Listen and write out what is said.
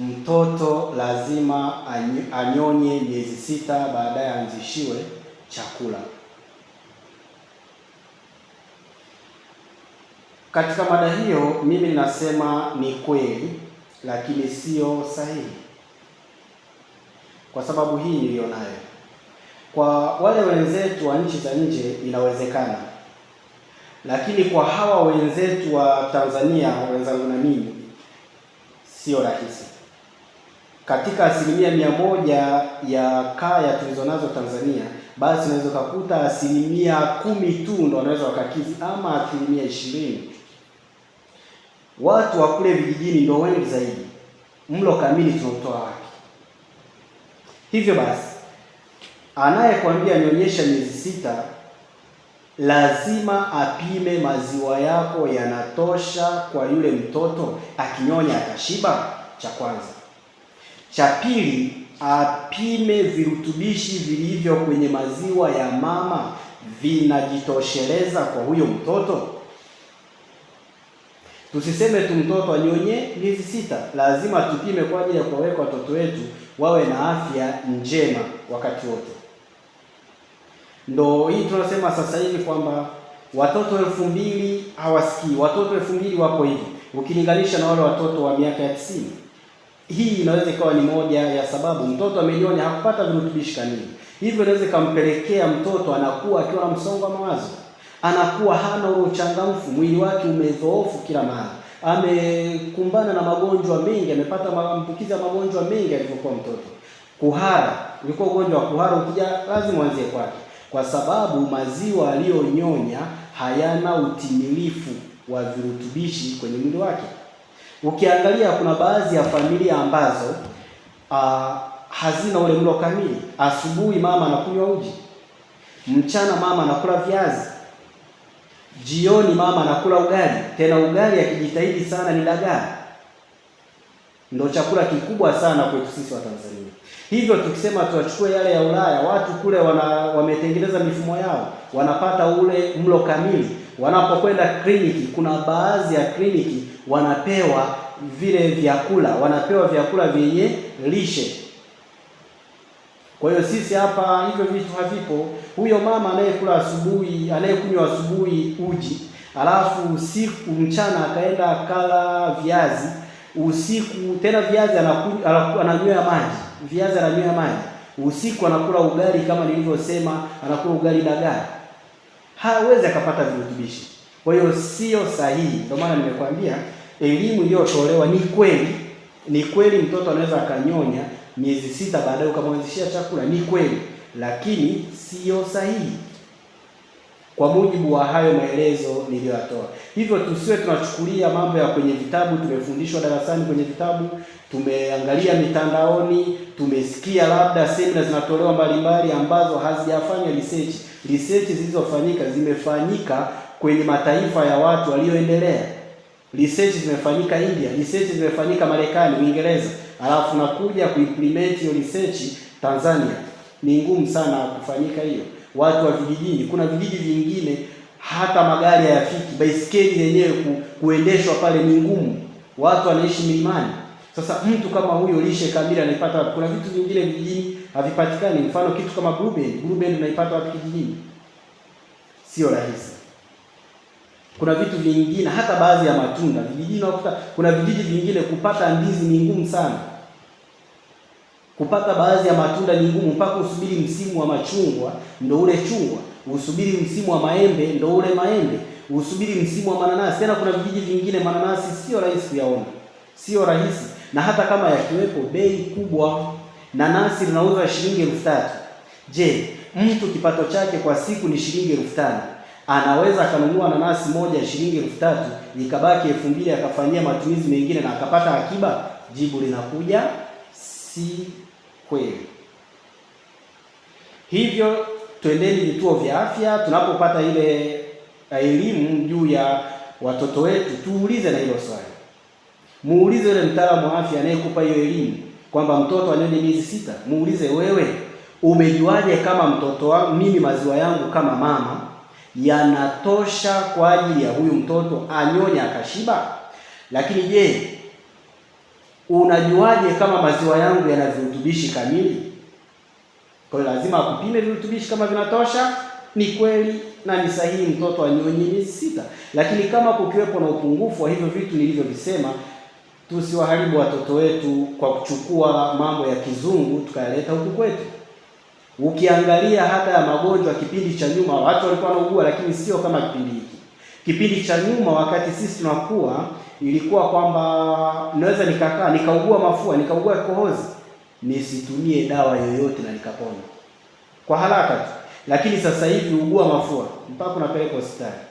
mtoto lazima anyonye miezi sita, baadaye anzishiwe chakula. Katika mada hiyo mimi ninasema ni kweli, lakini sio sahihi, kwa sababu hii niliyo nayo. Kwa wale wenzetu wa nchi za nje inawezekana, lakini kwa hawa wenzetu wa Tanzania, wenzangu na mimi, sio rahisi katika asilimia mia moja ya kaya tulizonazo Tanzania, basi unaweza ukakuta asilimia kumi tu ndo wanaweza wakakizi ama asilimia ishirini. Watu wa kule vijijini ndio wengi zaidi, mlo kamili tunautoa wapi? Hivyo basi, anayekwambia nionyesha miezi sita lazima apime maziwa yako yanatosha kwa yule mtoto, akinyonya atashiba, cha kwanza cha pili, apime virutubishi vilivyo kwenye maziwa ya mama vinajitosheleza kwa huyo mtoto. Tusiseme tu mtoto anyonye miezi sita, lazima tupime kwa ajili ya kuwaweka watoto wetu wawe na afya njema wakati wote. Ndo hii tunasema sasa hivi kwamba watoto elfu mbili hawasikii, watoto elfu mbili wako hivi, ukilinganisha na wale watoto wa miaka ya tisini. Hii inaweza ikawa ni moja ya sababu mtoto amenyonya hakupata virutubishi kamili, hivyo inaweza ikampelekea mtoto anakuwa akiwa na msongo wa mawazo, anakuwa hana ule uchangamfu, mwili wake umedhoofu kila mahali, amekumbana na magonjwa mengi, amepata maambukizi ya magonjwa mengi alivyokuwa mtoto. Kuhara, ulikuwa ugonjwa wa kuhara, ukija lazima uanzie kwake, kwa sababu maziwa aliyonyonya hayana utimilifu wa virutubishi kwenye mwili wake. Ukiangalia kuna baadhi ya familia ambazo uh, hazina ule mlo kamili. Asubuhi mama anakunywa uji, mchana mama anakula viazi, jioni mama anakula ugali, tena ugali akijitahidi sana ni dagaa, ndio chakula kikubwa sana kwetu sisi wa Tanzania. Hivyo tukisema tuwachukue yale ya Ulaya watu kule wana, wametengeneza mifumo yao, wanapata ule mlo kamili. Wanapokwenda kliniki, kuna baadhi ya kliniki wanapewa vile vyakula, wanapewa vyakula vyenye lishe. Kwa hiyo sisi hapa hivyo vitu havipo. Huyo mama anayekula asubuhi, anayekunywa asubuhi uji, alafu usiku mchana akaenda kala viazi, usiku tena viazi anakunywa anakunywa maji, viazi ananywea maji Usiku anakula ugali kama nilivyosema, anakula ugali dagaa, hawezi akapata virutubishi. Kwa hiyo sio sahihi. Ndio maana nimekwambia elimu iliyotolewa ni kweli, ni kweli mtoto anaweza akanyonya miezi sita, baadaye ukamwanzishia chakula, ni kweli, lakini sio sahihi kwa mujibu wa hayo maelezo niliyoyatoa. Hivyo tusiwe tunachukulia mambo ya kwenye vitabu, tumefundishwa darasani kwenye vitabu, tumeangalia mitandaoni, tumesikia labda semina zinatolewa mbalimbali ambazo hazijafanya research. Research zilizofanyika zimefanyika kwenye mataifa ya watu walioendelea. Research zimefanyika India, research zimefanyika Marekani, Uingereza, alafu nakuja kuimplement hiyo research Tanzania. Ni ngumu sana kufanyika hiyo watu wa vijijini. Kuna vijiji vingine hata magari hayafiki, baisikeli yenyewe ku, kuendeshwa pale ni ngumu, watu wanaishi milimani. Sasa mtu kama huyo lishe kamili anaipata wapi? Kuna vitu vingine vijijini havipatikani, mfano kitu kama blueband. Blueband unaipata wapi kijijini? Sio rahisi. Kuna vitu vingine hata baadhi ya matunda vijijini unakuta, kuna vijiji vingine kupata ndizi ni ngumu sana. Kupata baadhi ya matunda ni ngumu, mpaka usubiri msimu wa machungwa ndo ule chungwa, usubiri msimu wa maembe ndo ule maembe, usubiri msimu wa mananasi. Tena kuna vijiji vingine mananasi sio rahisi kuyaona, sio rahisi, na hata kama yakiwepo bei kubwa. Nanasi linauzwa shilingi elfu tatu. Je, mtu kipato chake kwa siku ni shilingi elfu tano anaweza akanunua nanasi moja ya shilingi elfu tatu ikabaki elfu mbili akafanyia matumizi mengine na akapata akiba? Jibu linakuja si kweli. Hivyo twendeni vituo vya afya, tunapopata ile eh, elimu juu ya watoto wetu tuulize na hilo swali, muulize yule mtaalamu wa afya anayekupa hiyo elimu kwamba mtoto anyonye miezi sita, muulize wewe, umejuaje kama mtoto wangu mimi maziwa yangu kama mama yanatosha kwa ajili ya huyu mtoto anyonye akashiba? Lakini je unajuaje kama maziwa yangu yana virutubishi kamili? Kwa hiyo lazima akupime virutubishi kama vinatosha, ni kweli na ni sahihi mtoto anyonye miezi sita. Lakini kama kukiwepo na upungufu wa hivyo vitu nilivyovisema, tusiwaharibu watoto wetu kwa kuchukua mambo ya kizungu tukayaleta huku kwetu. Ukiangalia hata ya magonjwa, kipindi cha nyuma watu walikuwa wanaugua, lakini sio kama kipindi hiki. Kipindi cha nyuma, wakati sisi tunakuwa ilikuwa kwamba naweza nikakaa nikaugua mafua nikaugua kohozi nisitumie dawa yoyote na nikapona kwa haraka tu, lakini sasa hivi ugua mafua mpaka unapeleka hospitali